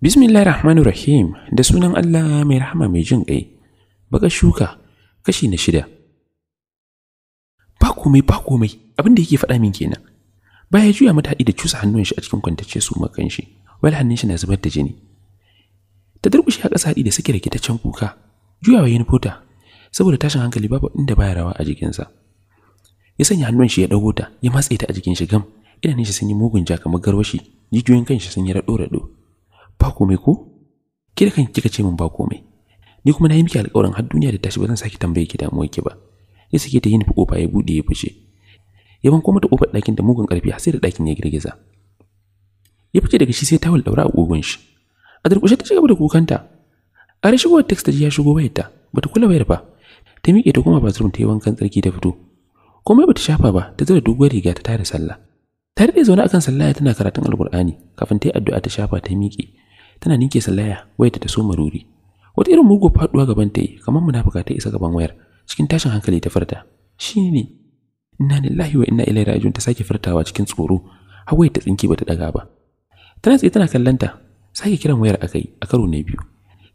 Bismillah Rahmanu Rahim da sunan Allah mai rahama mai jin ƙai, baka shuka kashi na shida. Ba komai ba komai abin da yake faɗa min kenan. Ba ya juya mata da cusa hannun shi a cikin kwantacce su makan shi, wal hannun shi na zubar da jini. Ta durƙushe a ƙasa haɗi da suke rikitaccen kuka, juyawa yin fota saboda tashin hankali babu inda baya rawa a jikin sa. ya sanya hannun shi ya dago ta ya matse ta a jikin shi gam idanun shi sun yi mugun ja kamar garwashi jijiyoyin kanshi sun yi rado rado ba komai ko ki da kanki kika ce min ba komai ni kuma na yi miki alƙawarin har duniya da tashi ba zan saki tambaye ki damuwar ki ba ya sake ta yin kofa ya bude ya fice ya banko mata kofar ɗakin da mugun ƙarfi har sai da ɗakin ya girgiza ya fice daga shi sai tawul daura a kogon shi a durƙushe ta cigaba da kukanta a rashigowar text ta ji ya shigo ta bata kula bayar ba ta miƙe ta koma bathroom ta yi wankan tsarki ta fito komai bata shafa ba ta zo da doguwar riga ta tare sallah ta daɗe zaune akan sallaya tana karatun alkur'ani kafin ta yi addu'a ta shafa ta miƙe tana ninke sallaya wayarta ta so ruri wata irin mugu faɗuwa gaban ta yi kamar munafuka ta isa gaban wayar cikin tashin hankali ta furta shi ne. inna lillahi wa inna ilaihi raji'un ta sake furtawa cikin tsoro har wayar ta tsinke bata daga ba tana tsaye tana kallanta sake kiran wayar akai a karo na biyu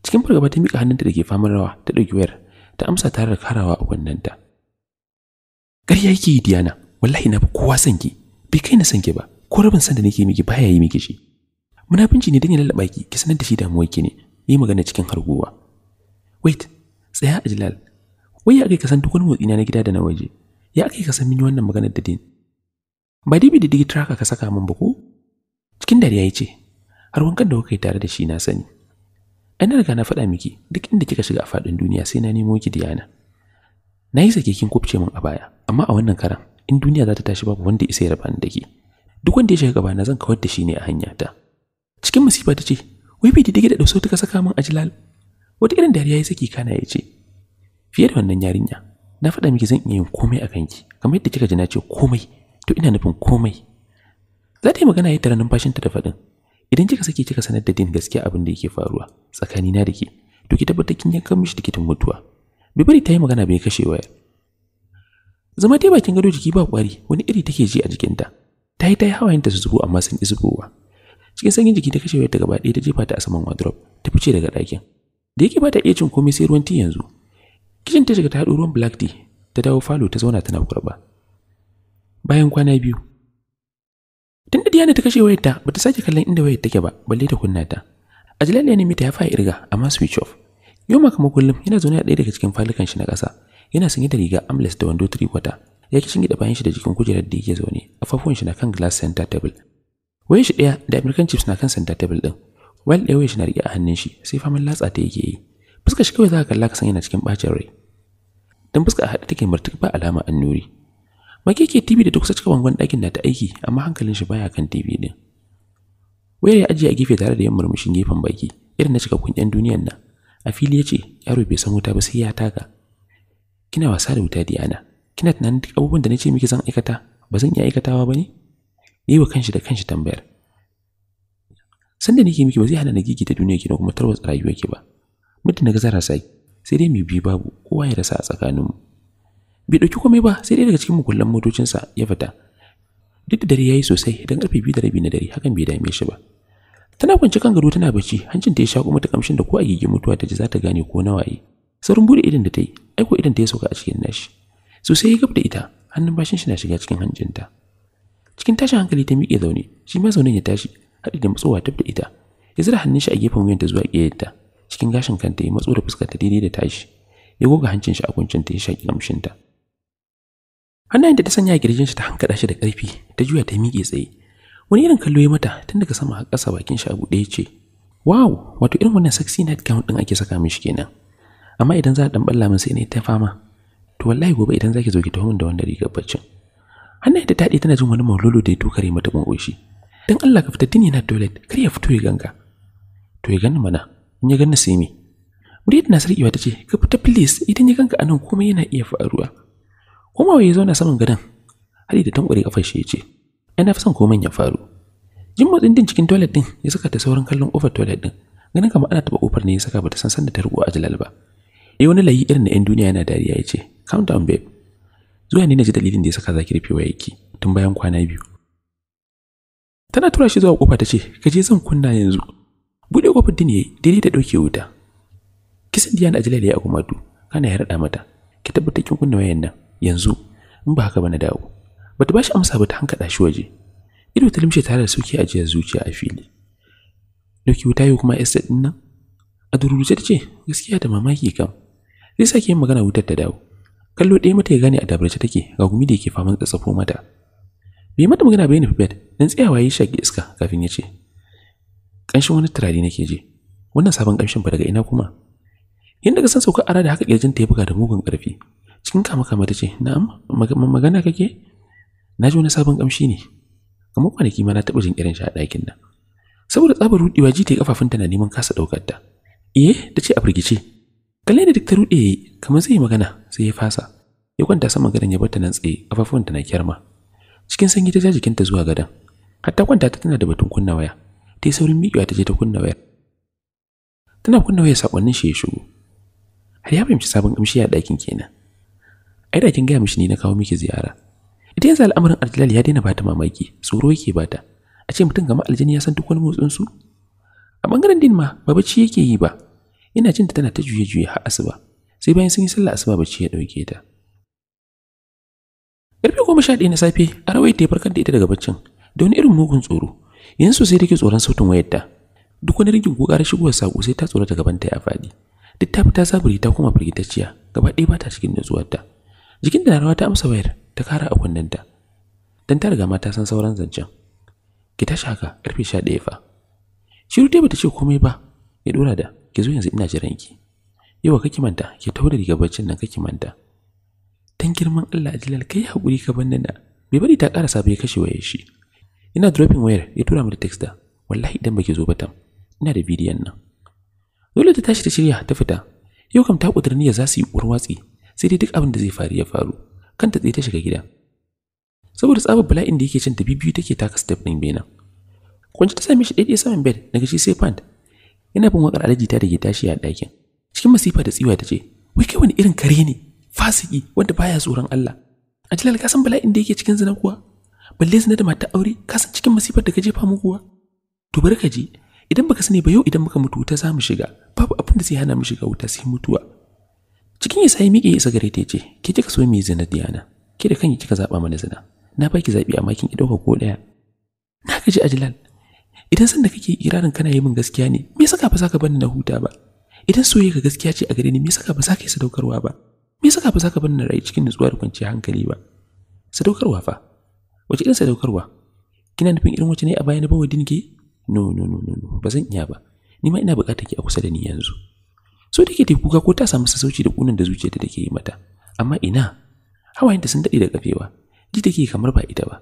cikin fargaba ta miƙa hannunta da ke famar rawa ta ɗauki wayar ta amsa tare da karawa a kunnenta ƙarya yake yi diana wallahi na fi kowa son ki bai kai na son ki ba ko rabin san da nake miki baya yi miki shi binci ne don ya lalaba ki ki sanar da shi damuwar ki ne yi magana cikin harguwa wait tsaya a jilal wai ya kai ka san duk wani motsi na gida da na waje ya kai ka san mini wannan maganar da din ba dibi da digi ka saka min ba ko cikin dariya ya ce har wankan da kuka yi tare da shi na sani Ai riga na faɗa miki duk inda kika shiga a faɗin duniya sai na nemo ki Diana. Na yi sake kin kubce min a baya, amma a wannan karan in duniya za ta tashi babu wanda isa ya raba ni da ke. Duk wanda ya shiga na zan kawar da shi ne a hanya ta. Cikin masifa ta ce, "Wai bai didige da dausau tuka saka min a jilal." Wata irin dariya ya saki kana ya ce, "Fiye da wannan yarinya, na faɗa miki zan iya yin komai a kanki, kamar yadda kika ji na ce komai, to ina nufin komai." Za ta yi magana ya tara numfashinta da faɗin, idan kika sake kika sanar da din gaskiya abin da yake faruwa tsakani da ke to ki tabbata kin yanka mishi tikitin mutuwa bi bari ta yi magana bai kashe waya zama dai bakin gado jiki ba kwari wani iri take ji a jikinta ta yi ta hawayen hawayenta su zubo amma sun izubowa cikin sanyin jiki ta kashe ta gaba ɗaya ta jefa ta a saman wardrobe ta fice daga ɗakin da yake ba ta iya cin komai sai ruwan tea yanzu kishin ta shiga ta haɗu ruwan black tea ta dawo falo ta zauna tana kurba bayan kwana biyu Diana ta kashe ba ta bata sake kallon inda wayar take ba balle ta kunna ta. Ajilal ya nemi ta ya irga amma switch off. Yoma kuma kullum yana zaune a ɗaya daga cikin falukan shi na ƙasa. Yana sanye da riga amles da wando three quarter. Ya ki shingida bayan shi da jikin kujerar da yake zaune. Kafafuwan shi na kan glass center table. waye shi ɗaya da American chips na kan center table ɗin. While ɗaya waye shi na riƙe a hannun shi sai faman latsa ta yake yi. Fuskar shi kawai za ka kalla ka san yana cikin bacin rai. Dan fuska a haɗe take murtuk ba alama annuri. Makeke TV da ta kusa cika bangon ɗakin da ta aiki amma hankalin shi baya kan TV din. Wayar ya ajiye a gefe tare da yan murmushin gefen baki irin na cika 'yan duniyan nan. A fili ya ce yaro bai san wuta ba sai ya taka. Kina wasa da wuta Diana. Kina tunanin duk abubuwan da na ce miki zan aikata ba zan iya aikatawa ba ne? Yi wa kanshi da kanshi tambayar. Sanda nake miki ba zai hana na ta duniya ki da kuma tarwatsa rayuwa ki ba. Mutum na ga zara sai sai dai mai biyu babu kowa ya rasa a tsakaninmu. bai dauki komai ba sai dai daga cikin mukullan sa ya fita duk da dare yayi sosai dan karfe biyu da rabi na dare hakan bai dame shi ba tana kwance kan gado tana bacci hancin ta ya shaƙo mata kamshin da ko a gigi mutuwa ta ji za ta gane ko nawa yi saurin bude idan da ta yi aiko idan ta ya sauka a cikin nashi sosai ya gab da ita hannun bashin shi na shiga cikin hancinta cikin tashin hankali ta miƙe zaune shi ma zaune ya tashi haɗi da matsowa tafi da ita ya zira hannun shi a gefen wuyanta zuwa ta cikin gashin kanta ya matso da fuskar ta daidai da tashi ya goga hancin shi a kuncin ta ya shaƙi ta hannayen da ta sanya girgin shi ta hankada shi da ƙarfi ta juya ta miƙe tsaye wani irin kallo ya mata tun daga sama har ƙasa bakin shi a buɗe ya ce wow wato irin wannan sexy night gown ɗin ake saka mishi kenan amma idan za a ɗan balla min sai ne ta fama to wallahi gobe idan zaki zo ki taho min da wannan rigar baccin hannayen da ta haɗe tana jin wani maulolo da ya tukare mata maƙoshi dan Allah ka fita tuni na toilet kar ya fito ya ganga. to ya gani mana in ya gani sai me Muryar na Iwa ta ce, Ka fita please idan ya ganka anan komai yana iya faruwa. komawa ya zauna saman gadon hali da tankware kafar shi ya ce ana fi son komai ya faru jin motsin din cikin toilet din ya saka ta sauran kallon kofar toilet din ganin kamar ana taba ƙofar ne ya saka bata san sanda ta rugo a jalal ba eh wani layi irin na yan duniya yana dariya ya ce calm down babe zuwa ne na ji dalilin da ya saka zaki rufewa yake tun bayan kwana biyu tana tura shi zuwa kofa ta ce ka je zan kunna yanzu buɗe kofar din yi daidai da ɗauke wuta kisan diyan jalal ya yi a kana ya mata ki tabbata kin kunna wayan nan yanzu in ba haka ba na dawo bata bashi shi amsa ba ta hankaɗa shi waje ido ta limshe tare da sauki a jiyar zuciya a fili dauki wuta yau kuma estate din nan a dururce ta ce gaskiya da mamaki kam zai sake yin magana wutar ta dawo kallo ɗaya mata ya gane a dabarce take ga gumi da yake faman tsatsafo mata bai mata magana bai nufi bed dan tsayawa ya shaki iska kafin ya ce ƙanshin wani turare nake je wannan sabon ƙamshin ba daga ina kuma yanda ka san sauka ara da haka kirjin ta ya buga da mugun ƙarfi cikin kama kama ta ce na'am magana kake na ji wani sabon kamshi ne kamar kwanaki ma na taɓa jin irin shi a ɗakin nan saboda tsabar rudewa ji ta yi kafafunta na neman kasa ɗaukar ta iye eh, ta ce a firgice kalle da duk ta ruɗe ya yi kamar zai yi magana sai ya fasa ya kwanta sama gadon ya bata nan tsaye kafafunta na kyarma cikin sanyi ta ja ta zuwa gadon hatta kwanta ta tana da batun kunna waya ta yi saurin miƙewa ta je ta kunna wayar tana kunna waya sakonnin shi ya shigo har ya fahimci sabon kamshi a ɗakin kenan ai da kin gaya mishi ne na kawo miki ziyara ita yanzu al'amarin aljilal ya daina bata mamaki tsoro yake bata a ce mutum gama aljini ya san duk wani motsin su a bangaren din ma ba bacci yake yi ba ina jin ta tana ta juye juye har asuba sai bayan sun yi sallah asuba bacci ya dauke ta karfe goma sha ɗaya na safe a rawaita ya farkar da ita daga baccin da wani irin mugun tsoro yanzu sai take tsoron sautin wayarta duk wani rigin ko shigowa shigowar sai ta tsorata gaban ta ya faɗi duk ta fita saburi ta koma firgitacciya gaba ɗaya ba ta cikin nutsuwarta jikin da rawa ta amsa wayar ta kara a kunnenta dan ta riga mata, san sauran zancen ki tashi haka karfe 11 fa shiru dai bata ce komai ba ya dora da ki zo yanzu ina jiran ki yawa kake manta ki taura riga baccin nan kake manta dan girman Allah ajilal kai hakuri ka banna na bai bari ta karasa bai kashe waye shi ina dropping wayar ya tura mata text da wallahi idan baki zo ba tam ina da bidiyon nan dole ta tashi ta shirya ta fita yau kam ta kudirniya za su yi urwatsi sai dai duk abin da zai faru ya faru kanta tsaye ta shiga gida saboda tsabar bala'in da yake cin ta bibiyu take taka step ɗin bena kwanci ta sami shi daidai saman bed daga shi sai pant yana bin wakar alaji ta da tashi a dakin. cikin masifa da tsiwa ta ce wai kai wani irin kare ne fasiki wanda baya tsoron Allah a ka san bala'in da yake cikin zina kuwa balle zina da mata aure ka san cikin masifar da ka jefa mu kuwa to bari ka ji idan baka sani ba yau idan muka mutu ta za shiga babu abin da zai hana mu shiga wuta sai mutuwa cikin isa ya miƙe isa gare ta ce ki kika so mi zina Diana ki da kanki kika zaba mana zina na baki zabi amma kin ki dauka ko daya na gaji Ajilal idan san da kake irarin kana yi min gaskiya ne me saka ba saka bani na huta ba idan soyayya ka gaskiya ce a gare ni me saka ka ba saka yi sadaukarwa ba me saka ba saka bani na rayu cikin nutsuwa da kwanciyar hankali ba sadaukarwa fa wace irin sadaukarwa kina nufin irin wace ne a baya na bawa dinki no no no no ba zan iya ba ni ma ina bukatar ki a kusa da ni yanzu so take ta kuka ko ta samu sassauci da kunan da zuciyarta take yi mata amma ina hawayenta sun daɗe da kafewa ji take kamar ba ita ba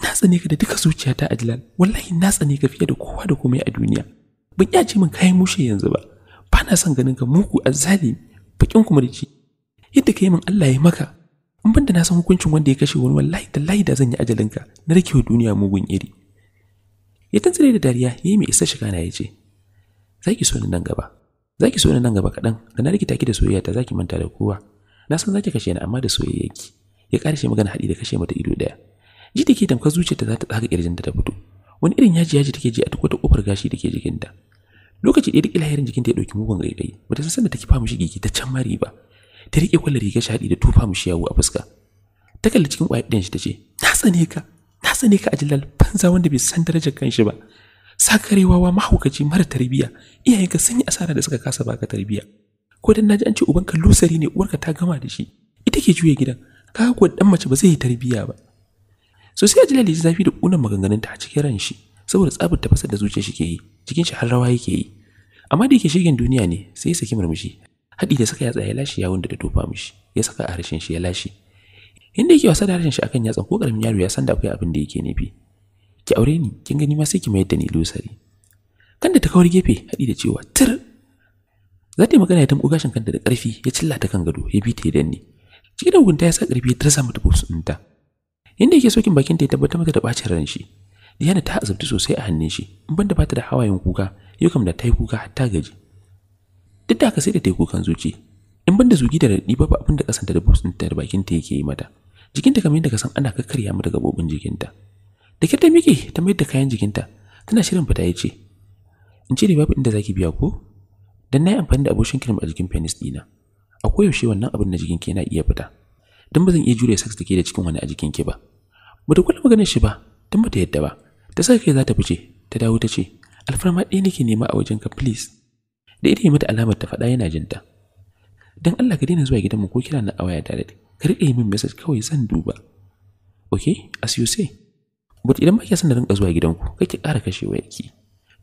na tsane ka da duka zuciyata a jilal wallahi na tsane ka fiye da kowa da komai a duniya ban iya ce min kayan mushe yanzu ba ba na son ganin ka muku azali bakin kumurci yadda ka yi min Allah ya maka in banda na san hukuncin wanda ya kashe wani wallahi tallahi da zan yi ajalinka na wa duniya mugun iri ya tantsare da dariya ya yi mai isa shiga na ya ce za so ni nan gaba zaki so ni nan gaba kaɗan da na rikita ki da soyayya ta za manta da kowa na san zaki ki kashe ni amma da soyayya ki ya karshe magana haɗi da kashe mata ido daya ji take tamkar zuciyarta za ta tsaga ƙirjinta ta fito wani irin yaji yaji take ji a duk wata ƙofar gashi da ke jikinta lokaci ɗaya duk ilahirin jikinta ya ɗauki mugun gaigayi bata san sanda take famu shigi ta can mari ba ta riƙe kwallon rigar shi da tufa mushi yawo a fuska ta kalli cikin ƙwayar ɗin shi ta ce na sane ka na sane ka a jilal banza wanda bai san darajar kanshi ba sakarewa wa mahaukaci mara tarbiya ka sun yi asara da suka kasa baka tarbiyya. ko dan naji an ce ubanka lusari ne uwar ka ta gama da shi ita ke juya gidan ka ko dan mace ba zai yi tarbiyya ba so sai ajilali ji zafi da kunan maganganun ta a cikin ran shi saboda tsabar ta fasar da zuciya shi ke yi cikin shi har rawa yake yi amma da yake shigen duniya ne sai ya saki murmushi haɗi da saka yatsa ya lashe yawon da ta tofa mishi ya saka a harshen shi ya lashe inda yake wasa da harshen shi akan yatsa ko karamin yaro ya san da akwai abin da yake nufi ki aure ni kin gani ma sai ki mayar da ni losari kanda ta kawar gefe hadi da cewa tir zati yi magana ya tamɓo gashin kanta da ƙarfi ya cilla ta kan gado ya bi ta ya danne cikin da hukunta ya sa ƙarfi ya tarsa mata bus ɗinta yadda yake sokin bakinta ya tabbatar mata da ɓacin ran shi Diana ta azabta sosai a hannun shi in banda bata da hawayen kuka yau kam da ta kuka har ta gaji duk da haka sai da ta kukan zuci in banda zugi da radi babu abin da kasanta da bus ɗinta da bakinta yake yi mata jikinta kamar yadda ka san ana kakkarya mata gabobin jikinta da kyar ta miki ta mayar da kayan jikinta tana shirin fita ya ce in ce babu inda zaki biya ko dan na yi amfani da abushin kirim a jikin penis dina a koyaushe wannan abin na jikinki yana iya fita dan ba zan iya jure sex da ke da cikin wani a jikinki ba ba ta kula maganar shi ba dan ba ta yadda ba ta sa kai za ta fice ta dawo ta ce alfarma ɗaya nake nema a wajenka please da ita yi mata alamar ta faɗa yana jin ta dan Allah ka daina zuwa gidanmu ko kira na a waya direct ka yi min message kawai zan duba okay as you say but idan ba san da rinka zuwa gidanku kai ki ƙara kashe wayarki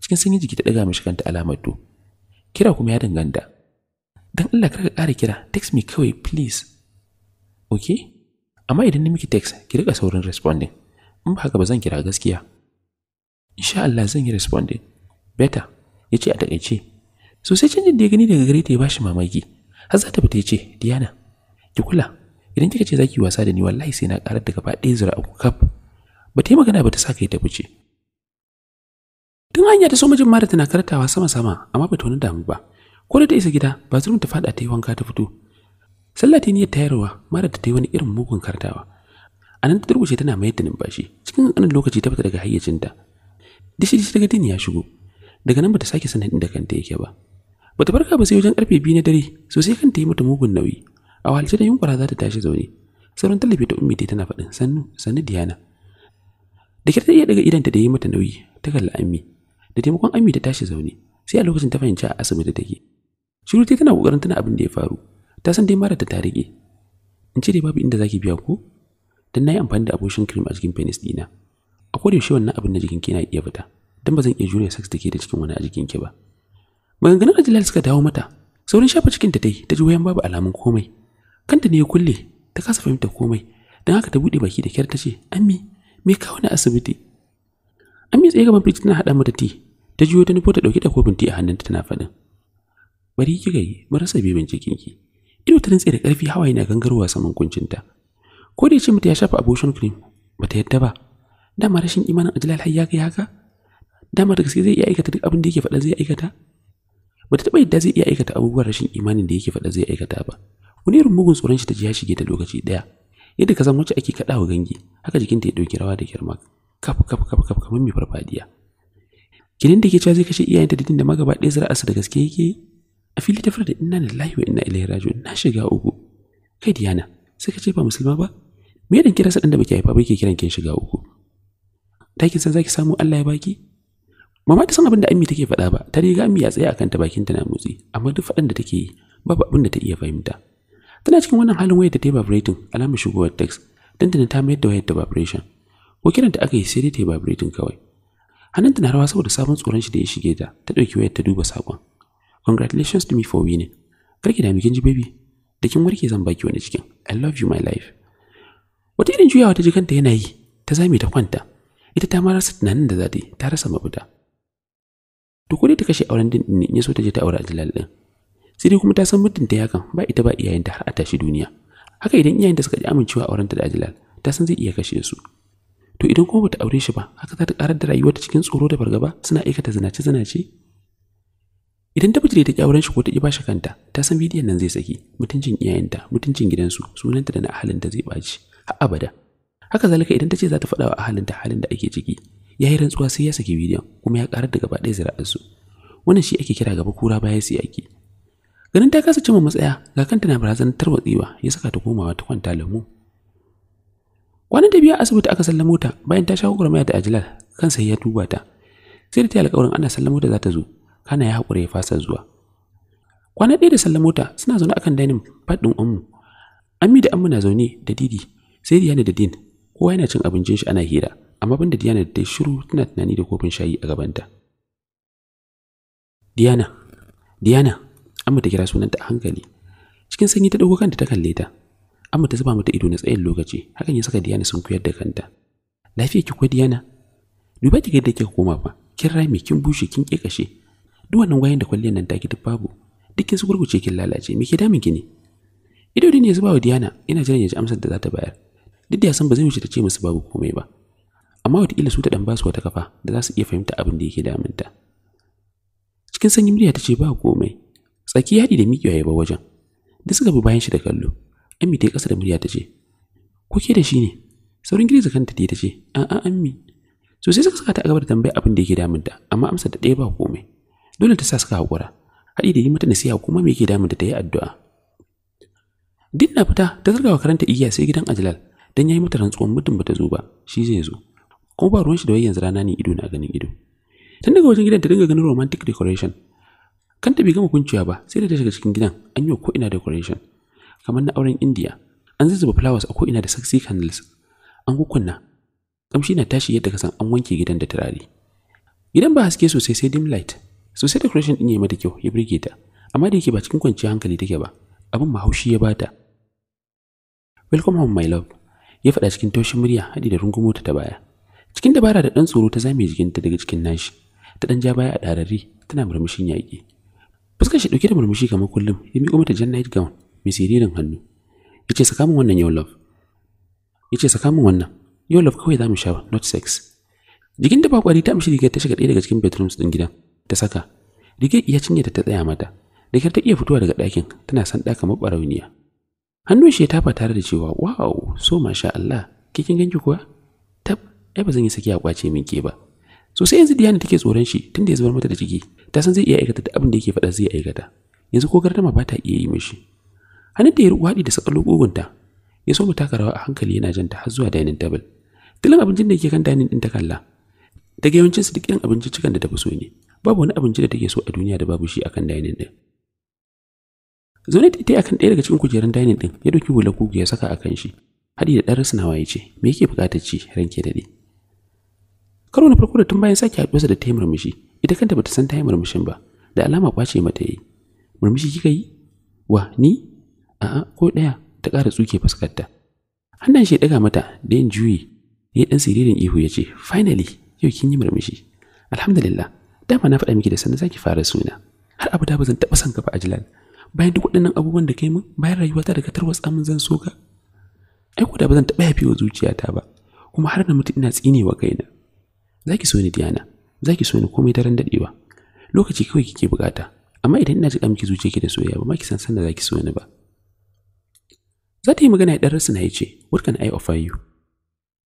cikin sanyi jiki ta daga mishi kanta alamar to kira kuma ya danganta dan Allah kar ka ƙara kira text me kawai please okay amma idan ni miki text ki rika saurin responding in ba haka ba zan kira gaskiya insha Allah zan yi responding better yace a takeice so sai canjin da ya gani daga gare ta ya bashi mamaki har za ta fita yace Diana ki kula idan kika ce zaki wasa da ni wallahi sai na karar da gaba ɗaya zura ku kaf ba ta yi magana ba ta sa kai ta fice tun hanya ta so mijin mara tana karatawa sama-sama amma ba ta wani damu ba ko da ta isa gida ba zurin ta faɗa ta yi wanka ta fito sallah ta niyyar tayarwa mara ta yi wani irin mugun karatawa a nan ta turkushe tana mayar da numfashi cikin ƙanƙanin lokaci ta fita daga hayyacinta dishi dishi daga dini ya shigo daga nan ba bata sake sanin inda kanta yake ba bata farka ba sai wajen karfe biyu na dare sosai kanta yi mata mugun nauyi a wahalce da yunkura za ta tashi zaune sauran tallafi ta ummi tana faɗin sannu sannu diana da kyar ta iya daga idanta da yi mata nauyi ta kalli ammi da taimakon ami ta tashi zaune sai a lokacin ta fahimci a asibiti ta ke shiru tana kokarin tana abin da ya faru ta san dai mara ta ta rike in ce dai babu inda zaki biya ko dan nayi amfani da abushin cream a cikin penis dina a da yaushe wannan abin na jikin ki na iya fita dan ba zan iya jure sex take da cikin wani a jikin ki ba maganganun ajilal suka dawo mata saurin shafa cikin ta yi ta ji wayan babu alamun komai kanta ne ya kulle ta kasa fahimta komai dan haka ta bude baki da kyar ta ce ammi me ka wani asibiti an tsaye gaban firji tana haɗa mata ti ta juyo ta nufo ta ɗauki da kofin ti a hannunta tana faɗin bari kika yi marasa bi binciken ki ido ta rintse da ƙarfi hawaye na gangarwa saman kuncinta ko da ya ce mata ya shafa krim. cream bata yadda ba dama rashin imanin ajalal har ya kai haka dama da gaske zai iya aikata duk abin da yake faɗa zai aikata ba ta taɓa yadda zai iya aikata abubuwan rashin imanin da yake faɗa zai aikata ba wani irin mugun tsoron shi ta ji ya shige ta lokaci ɗaya yadda ka san wacce ake wa gangi haka jikinta ya ɗauki rawa da girma kaf kaf kaf kaf kamar mai farfadiya kinin da ke cewa zai kashe iyayenta da dinda magaba ɗaya zira'arsa da gaske yake a fili ta fara da inna lillahi wa inna ilaihi raji'un na shiga uku kai diyana sai ka ce ba musulma ba me yadda kira sadan da baki haifa ba yake kiran kin shiga uku takin san zaki samu Allah ya baki mama ta san abin da ammi take faɗa ba ta riga ammi ya tsaya akan ta bakin ta na motsi amma duk faɗan da take yi babu abin da ta iya fahimta tana cikin wannan halin wayar da ta yi vibrating alamar shigowar text dandana ta mayar da wayar da vibration ko kiran ta aka yi sai dai ta yi vibrating kawai hannunta na rawa saboda sabon tsoron shi da ya shige ta ta ɗauki wayar ta duba saƙon congratulations to me for winning karki da mikin ji baby da kin warke zan baki wani cikin i love you my life wata irin juyawa ta ji kanta yana yi ta zame ta kwanta ita ta ma rasa tunanin da za ta yi ta rasa mafita to ko ta kashe auren din ne in ya so ta je ta aure a jilal din sai dai kuma ta san mutunta yakan ba ita ba iyayenta har a tashi duniya haka idan iyayenta suka ji amincewa a ta da Ajilal ta san zai iya kashe su to idan kuma bata aure shi ba haka za ta karar da rayuwarta cikin tsoro da fargaba suna aikata zinace zinace idan ta bijire ta ki auren shi ko ta ki bashi kanta ta san bidiyon nan zai saki mutuncin iyayenta mutuncin gidansu sunanta da na ahalinta zai baci har abada haka zalika idan ta ce za ta faɗa wa ahalinta halin da ake ciki ya yi rantsuwa sai ya saki bidiyon kuma ya karar da gaba ɗaya zira'arsu wannan shi ake kira gaba kura baya ake ganin ta kasa cimma matsaya ga kanta na barazanar tarwatsewa ya saka ta komawa ta kwanta lamu kwanan ta biya asibiti aka sallamo ta bayan ta shawo gurmaya da ajilal kansa ya duba ta sai da ta yi alƙawarin ana sallamo ta za ta zo kana ya haƙura ya fasa zuwa kwana ɗaya da sallamo ta suna zaune akan dining faɗin ummu ammi da amma na zaune da didi sai diyana da din kowa yana cin abincin shi ana hira amma banda diyana da shiru tana tunani da kofin shayi a gabanta Diana, Diana, Amma ta kira sunanta a hankali. Cikin sanyi ta dauko kanta ta kalle ta. Amma ta zuba mata ido na tsayin lokaci, hakan ya saka Diana sun kuyar da kanta. Lafiya ki ko Diana? Duba ki yadda kika koma fa. Kin rami kin bushe, kin kashe. Duk wannan wayan da kwalliyar nan take duk babu. Dukkin su gurguce kin lalace. Me ke damin ki ne? Ido din ya zuba wa Diana, ina jiran ya ji amsar da za ta bayar. Duk da ya san ba zai wuce ta ce musu babu komai ba. amma wata wataƙila su ta dan basu wata kafa da za su iya fahimta abin da yake damunta. Cikin sanyi murya ta ce ba komai, tsaki hadi da miƙewa ya ba wajen duk suka bi bayan shi da kallo ammi ta yi ƙasa da murya ta ce ko ke da shi ne saurin girgiza kanta ta ce a'a ammi so suka saka ta a gaba da tambaya abin da yake damunta amma amsa da ɗaya ba komai dole ta sa suka haƙura haɗi da yi mata nasiha kuma me yake damunta ta yi addu'a duk na fita ta zarga wa karanta igiya sai gidan ajilal dan yi mata rantsuwan mutum bata zo ba shi zai zo kuma ba ruwan shi da wai yanzu rana ne ido na ganin ido tun daga wajen gidan ta dinga ganin romantic decoration Kanta bai gama kunciya ba sai da ta shiga cikin gidan an yi ko ina decoration kamar na auren India. An zuzzuba flowers a ko'ina da sexy candles. An kukunna. Kamshi na tashi yadda kasan an wanke gidan da turare. Gidan ba haske sosai sai dim light. Sosai decoration din ya mata kyau ya burge ta. Amma da yake ba cikin kwanciyar hankali take ba. Abin mahaushi ya bata. Welcome home my love. Ya faɗa cikin taushin murya haɗi da rungumo ta baya. Cikin dabara da ɗan tsoro ta zame jikinta daga cikin nashi. ta ɗan ja baya a ɗararri tana murmushin yaƙi fuskar shi dauke da murmushi kamar kullum ya miƙo mata jan night gown mai siririn hannu ya ce saka wannan yau love ya ce saka wannan yau love kawai za mu sha not sex jikin da bakwari ta amshi rigar ta shiga ɗaya daga cikin bedrooms ɗin gidan ta saka rigar iya cinye ta tsaya mata da ta iya fitowa daga ɗakin tana san ɗa kamar ɓarauniya hannun shi ya tafa tare da cewa wow so masha Allah kikin ganki kuwa tab ai ba zan yi saki a kwace min ke ba so sai yanzu Diana take tsoron shi tunda ya zubar mata da ciki ta san zai iya aikata da abin da yake faɗa zai aikata yanzu ko gardama ba ta iya yi mishi hannun da ya ruwa da sakalo kogunta ya so mu taka rawa a hankali yana janta har zuwa dining table tilan abincin da yake kan dining din ta kalla daga yawancin su duk irin abinci cikan da tafi so ne babu wani abinci da take so a duniya da babu shi akan dining din zaune ta ita akan ɗaya daga cikin kujerun dining din ya dauki hula kugu ya saka akan shi hadi da ɗan rasnawa ya ce me yake buƙatar ci ranke daɗe karo na farko da tun bayan sake haɗuwarsa da ta yi murmushi ita kanta bata san ta yi murmushin ba da alama kwace mata yi murmushi kika yi wa ni a'a ko ɗaya ta ƙara tsuke fuskarta hannun shi ya ɗaga mata da yin juyi ya ɗan siririn ihu ya ce finally yau kin yi murmushi alhamdulillah dama na faɗa miki da sanda zaki fara suna har abu da ba zan taɓa son ka ba jilal bayan duk waɗannan abubuwan da kai min bayan rayuwata da ka tarwatsa min zan so ka ai ko da ba zan taɓa yafe wa zuciyata ba kuma har na mutu ina tsinewa kaina zaki so ni Diana za ki so ni komai daren dadewa lokaci kawai kike bukata amma idan ina jika miki zuciya ki da soyayya ba ma ki san san da za ki so ni ba zata yi magana ya dan rasa ce what can I offer you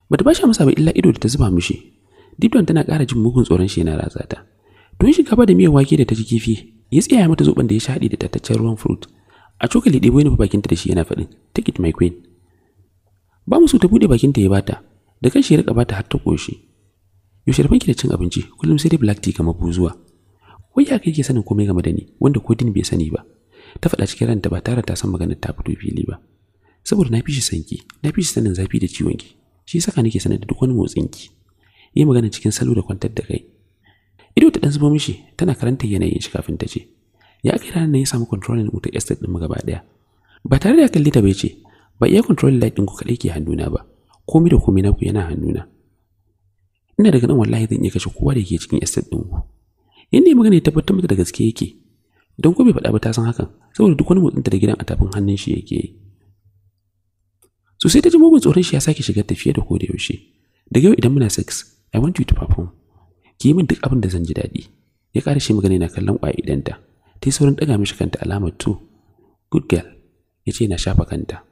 bata ba shi masa ba illa ido da ta zuba mishi dibdon tana kara jin mugun tsoron shi yana ratsa ta don shinkafa da miyar wake da ta ji kifi ya tsaya mata zoben da ya shaɗi da tattaccen ruwan fruit a cokali ɗebo ni bakinta da shi yana faɗin take it my queen ba mu so ta buɗe bakinta ya bata da kan shi ya riƙa bata har ta ƙoshi yaushe da banki da cin abinci kullum sai dai black tea kamar buzuwa wai ya kai sanin komai game da ni wanda ko din bai sani ba ta faɗa cikin ranta ba tare ta san maganar ta fito fili ba saboda na fi shi sanki na fi shi sanin zafi da ciwon ki shi saka nake sanin da duk wani motsin ki yi magana cikin salo da kwantar da kai ido ta dan zubo mishi tana karanta yanayin shi kafin ta ce ya kai ranar ne ya samu controlling wutar estate din mu gaba daya ba tare da kalli ta bai ce ba iya controlling light din ku kadai ke hannuna ba komai da komai na ku yana hannuna ina daga nan wallahi zan iya kashe kowa da yake cikin estate din ku magana ya tabbatar mata da gaske yake don ko bai faɗa ba ta san hakan saboda duk wani motsinta da gidan a tafin hannun shi yake yi so sai ta ji mugun tsoron shi ya sake shigar tafiye da koda yaushe daga yau idan muna sex i want you to perform ki yi min duk abin da zan ji daɗi ya ƙara shi magana yana kallon ƙwaye idanta ta yi saurin ɗaga mishi kanta alamar to good girl ya ce yana shafa kanta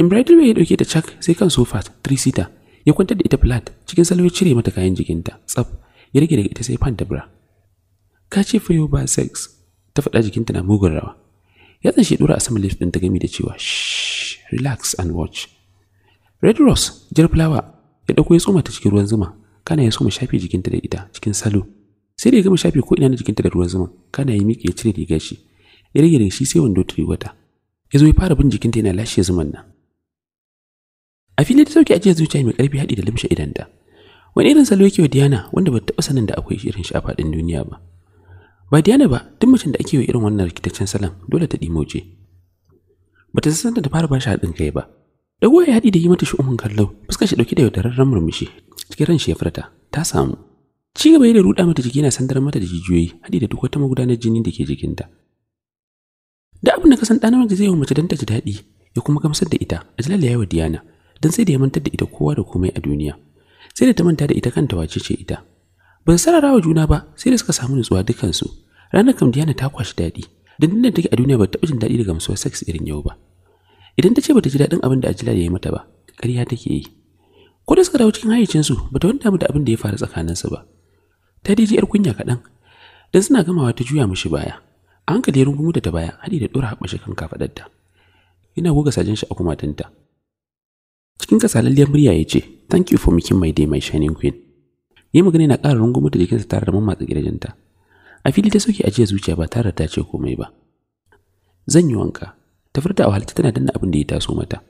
in bridal ya ɗauke ta cak sai kan sofa three seater ya kwantar da ita flat cikin salo ya cire mata kayan jikinta tsaf ya rage daga ita sai fan da bra ka ce fayo ba sex ta faɗa jikinta na mugun rawa ya tsan shi dora a saman lift ɗin ta gami da cewa shh relax and watch red rose jar flower ya ɗauko ya tsoma ta cikin ruwan zuma kana ya soma shafi jikinta da ita cikin salo sai da ya gama shafe ko ina na jikinta da ruwan zuma kana ya miƙe ya cire rigar shi ya rage daga shi sai wando ta wata ya zo ya fara bin jikinta yana lashe zuman nan a fili ta sauke ajiyar zuciya mai ƙarfi haɗi da limshe idanta wani irin salo yake wa diana wanda ba ta taɓa sanin da akwai irin shi a faɗin duniya ba ba diana ba duk macen da ake wa irin wannan rikitaccen salon dole ta ɗimoce ba ta san da ta fara ba shi haɗin kai ba Ɗauwa ya haɗi da yi mata shi'umin kallo fuska shi ɗauki da yaudararren murmushi cikin ran shi ya farata. ta samu ci gaba da ruɗa mata jiki yana sandar mata da jijiyoyi haɗi da duk wata magudanar jini da ke jikinta da abin da kasan san ɗanar da zai yi mace don ta ji daɗi ya kuma gamsar da ita a jalala yawa diana don sai da ya mantar da ita kowa da komai a duniya sai da ta manta da ita kanta wace ce ita ban wa juna ba sai da suka samu nutsuwa dukansu ranar kam Diana ta kwashi daɗi don da take a duniya ba ta jin daɗi daga musuwar sex irin yau ba idan ta ce ba ta ji daɗin abin da Ajila ya yi mata ba ƙarya take yi ko da suka dawo cikin hayyacinsu ba ta wanda mu da abin da ya faru tsakaninsu ba ta dai ji 'yar kunya kaɗan don suna gamawa ta juya mishi baya a hankali ya rungumu da ta baya hadi da ɗora haɓa shi kan kafaɗarta yana goga sajen shi a kumatinta Cikin kasalalliyar murya ya ce, Thank you for making my day, my shining queen. Yi magana yana ƙara rungumo da jikinsa tare da mammatsa gidajenta. A fili ta soke ajiya zuciya ba tare da ta ce komai ba. Zan yi wanka. Ta furta a wahalta tana danna abin da ya taso mata.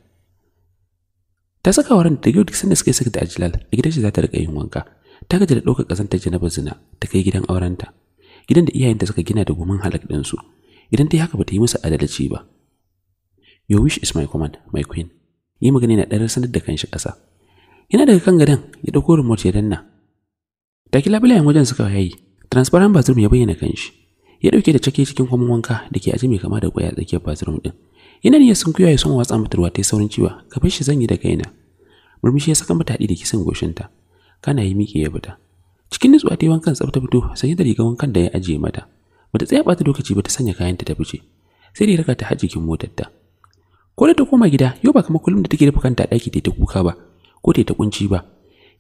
Ta saka wa ranta da yau duk sanda suka saka da ajilal a gidan shi za ta riƙa yin wanka. Ta gaji da ɗaukar ƙazantar janaba zina ta kai gidan aurenta. Gidan da iyayenta suka gina da gumin halak ɗinsu. Idan ta yi haka ba ta yi masa adalci ba. Your wish is my command, my queen. yi magana na ɗarar sanar da kanshi ƙasa yana daga kan gadon ya ɗauko remote ya danna taki labilayen wajen suka yayi transparent bathroom ya bayyana kanshi ya ɗauke da cake cikin kwamon wanka da ke aji mai kama da ƙwaya a tsakiyar bathroom ɗin yana niyyar sun kuyaye son watsa mata ruwa ta yi saurin ciwa bar shi zan yi da kaina murmushi ya saka mata haɗi da kisan goshinta kana yi miƙe ya fita cikin nutsuwa ta yi wankan tsafta fito sanye da rigar wankan da ya ajiye mata bata tsaya bata lokaci ba ta sanya kayanta ta fice sai da ya raka ta har jikin motar ta ko da ta koma gida yau ba kamar kullum da take rufe kanta a ɗaki ta kuka ba ko ta kunci ba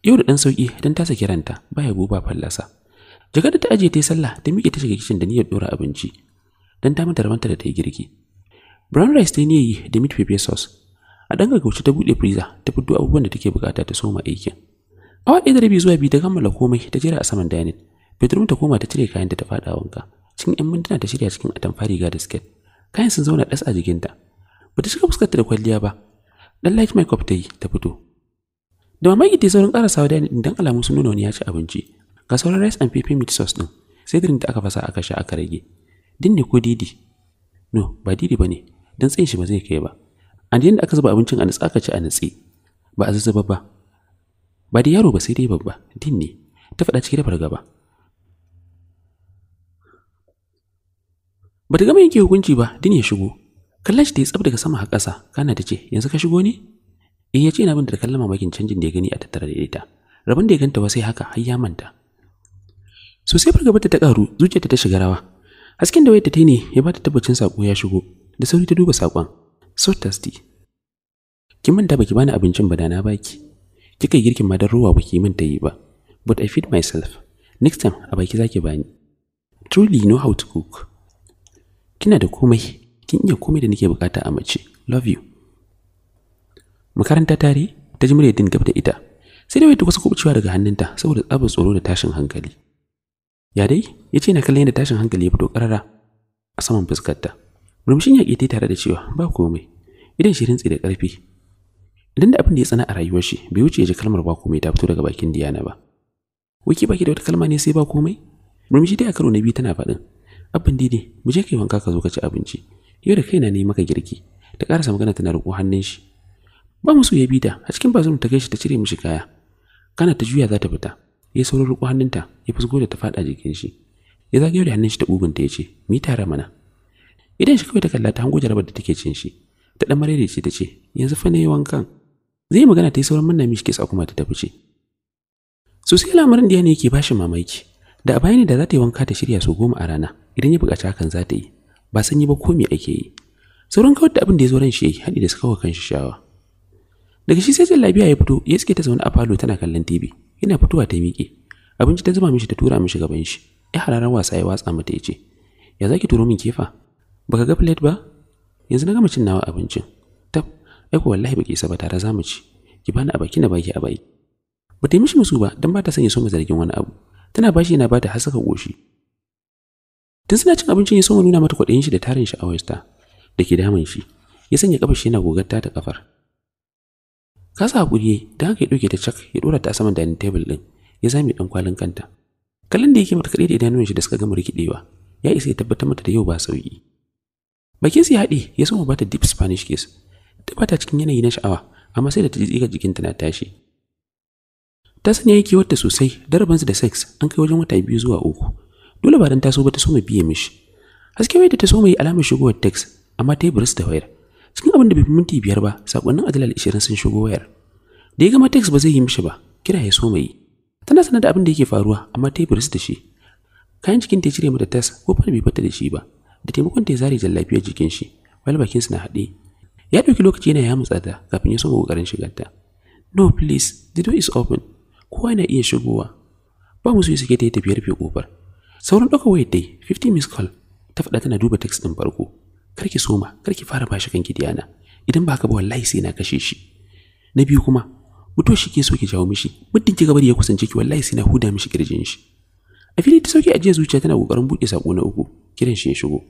yau da ɗan sauki don ta saki ranta ya goba fallasa jaka da ta ajiye ta yi sallah ta miƙe ta shiga kicin da niyyar ɗora abinci don ta mata rabanta da ta yi girki brown rice ta yi yi da meat pepper sauce a ɗan gaggauce ta buɗe freezer ta fito abubuwan da take bukata ta soma aikin awa ɗaya da rabi zuwa biyu ta kammala komai ta jira a saman dining bedroom ta koma ta cire kayan da ta faɗa wanka cikin 'yan mintuna ta shirya cikin atamfa riga da siket kayan sun zauna ɗas a jikinta ba ta shiga fuskarta da kwalliya ba dan light mai ta yi ta fito da mamaki ta saurin ƙara sawa dani dan alamun sun nuna wani ya ci abinci ga sauran rice and pepper meat sauce din sai dirin da aka fasa aka sha aka rage din ne ko didi no ba didi bane dan tsayin shi ba zai kai ba an yanda aka zuba abincin a nutsi aka ci a nutsi ba a zuzzuba ba ba da yaro ba sai dai babba din ne ta faɗa cikin da fargaba ba ta gama yanke hukunci ba din ya shigo kallon shi ta yi tsab daga sama har ƙasa kana ta ce yanzu ka shigo ne eh ya ce na bin da kallon mamakin canjin da ya gani a tattara da ita rabin da ya ganta ba sai haka har ya manta so sai fargabarta ta karu zuciyarta ta shiga rawa hasken da wayarta ta ne ya ba ta tabbacin sako ya shigo da sauri ta duba sakon so tasty kin manta baki bani abincin ba baki kika girkin madar ruwa baki min ta yi ba but i feed myself next time a baki zaki bani truly know how to cook kina da komai kin iya komai da nake bukata a mace love you makaranta tare ta ji muryar gab da ita sai da wai ta kusa kubcewa daga hannunta saboda tsabar tsoro da tashin hankali ya dai ya ce na kallon yadda tashin hankali ya fito karara a saman fuskarta murmushin yaƙi ta tare da cewa ba komai idan shi rintsi da ƙarfi idan da abin da ya tsana a rayuwar shi bai wuce ya ji kalmar ba komai ta fito daga bakin diyana ba wuki baki da wata kalma ne sai ba komai murmushi dai a karo na biyu tana faɗin abin dide mu je kai wanka ka zo ka ci abinci yau da kaina ne maka girki ta karasa magana tana riƙo hannun shi ba musu ya bi ta a cikin bazin ta gaishe ta cire mishi kaya kana ta juya za ta fita ya saurin hannun ta ya fusgo da ta faɗa jikin shi ya zagayo da hannun shi ta ƙugunta ya ce mi tare mana idan shi kawai ta kalla ta hango jarabar da take cin shi ta ɗan marere ce ta ce yanzu fa ne wankan zai yi magana ta yi sauran manna mishi kisa kuma ta tafi ce sosai lamarin da yana yake bashi mamaki da a bayani da za ta yi wanka ta shirya sau goma a rana idan ya buƙaci hakan za ta yi ba sanyi ba ko me ake yi sauran kawar da abin da ya zo ran shi yake hadi da suka kan shi shawa daga shi sai jin lafiya ya fito ya sike ta zaune a falo tana kallon tv yana fitowa ta miƙe abinci ta zuba mishi ta tura mishi gaban shi ya hararan wasa ya watsa mata ya ce ya zaki turo min kefa baka ga plate ba yanzu na gama cin nawa abincin tab ai ko wallahi baki saba tare za mu ci ki bani a baki na baki a baki ba ta yi mishi musu ba don ba ta sanya so zargin wani abu tana bashi yana ba ta har saka goshi tun suna cin abincin ya so nuna mata kwaɗayin shi da tarin sha'awarta da ke damun shi ya sanya kafar shi yana gogar ta ta kafar kasa hakuri dan haka ya ɗauke ta cak ya ɗora ta saman dainin tebul ɗin ya zame ɗan kwalin kanta kallon da yake mata kaɗai da idanun shi da suka gama rikidewa ya isa ya tabbatar mata da yau ba sauki bakin su ya haɗe ya so ba ta deep spanish kiss ta bata cikin yanayi na sha'awa amma sai da ta ji tsigar jikinta na tashi ta sanya yake wata sosai darabansu da sex an kai wajen wata biyu zuwa uku dole ba dan taso ba ta so mai biye mishi haske wai da ta so mai alamar shigowar tax amma ta yi da wayar cikin abin da bai minti biyar ba sakonnin adalal ishirin sun shigo wayar da ya gama tax ba zai yi mishi ba kira ya so mai tana sanar da abin da yake faruwa amma ta yi da shi kayan cikin ta cire mata tas ko fara bai fata da shi ba da taimakon ta zare jallafiyar jikin shi wani bakin su na haɗe ya ɗauki lokaci yana yamutsa ta kafin ya soma ƙoƙarin shigar ta no please the door is open kowa yana iya shigowa ba mu so sake ta yi tafiyar fi ƙofar sauran ɗaukar wayar dai 50 miss call ta faɗa tana duba text ɗin farko kar ki soma kar ki fara bashi kanki diyana idan ba ka ba wallahi sai na kashe shi na biyu kuma mutuwar shi ke so ki jawo mishi muddin ki gabar ya kusance ki wallahi sai na huda mishi kirjin shi a fili ta sauki ajiya zuciya tana kokarin buɗe sako na uku kiran shi ya shigo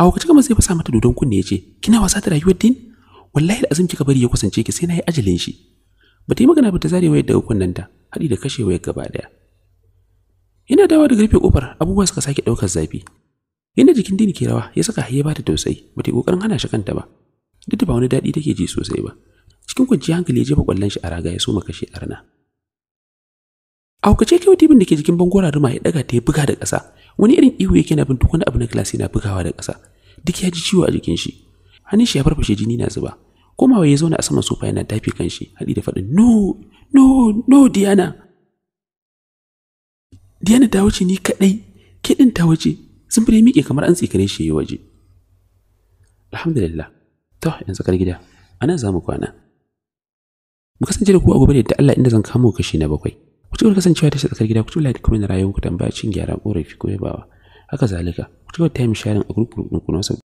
a wakaci kamar sai fasa mata dodon kunne ya ce kina wasa ta rayuwar din wallahi azum kika bari ya kusance ki sai na yi ajalin shi ba ta yi magana ba ta zare wayar daga haɗi da kashe wayar gaba ɗaya Ina dawa da rufe kofar abubuwa suka sake daukar zafi. ina jikin dini ke rawa ya saka haye bata ta tausayi ba ta ƙoƙarin hana shi kanta ba. Duk da ba wani daɗi take ji sosai ba. Cikin kwanciyar hankali ya jefa ƙwallon shi a raga ya soma kashe arna. A ke kyau da ke jikin bangora ruma ya daga ta ya buga da ƙasa. Wani irin ihu yake na bin duk wani abu na kilasi na bugawa da ƙasa. Duk ya ji ciwo a jikin shi. Hannun shi ya farfashe jini na zuba. Komawa ya zauna a saman sofa yana tafi kan shi haɗi da faɗin no no no Diana. diyana ta wuce ni kaɗai, ke ta waje sun fure miƙe kamar an tsikare shi ya waje. Alhamdulillah, to yanzu kar gida, ana za mu kwana. Mu kasance da ku a gobe da Allah inda zan kamo kashi na bakwai. Ku ci kasancewa ta tsakar gida ku ci lafiya kuma rayuwa ku tambaya cin gyara ƙorafi ko yabawa. Haka zalika, ku ci gaba da time sharing a group group ɗin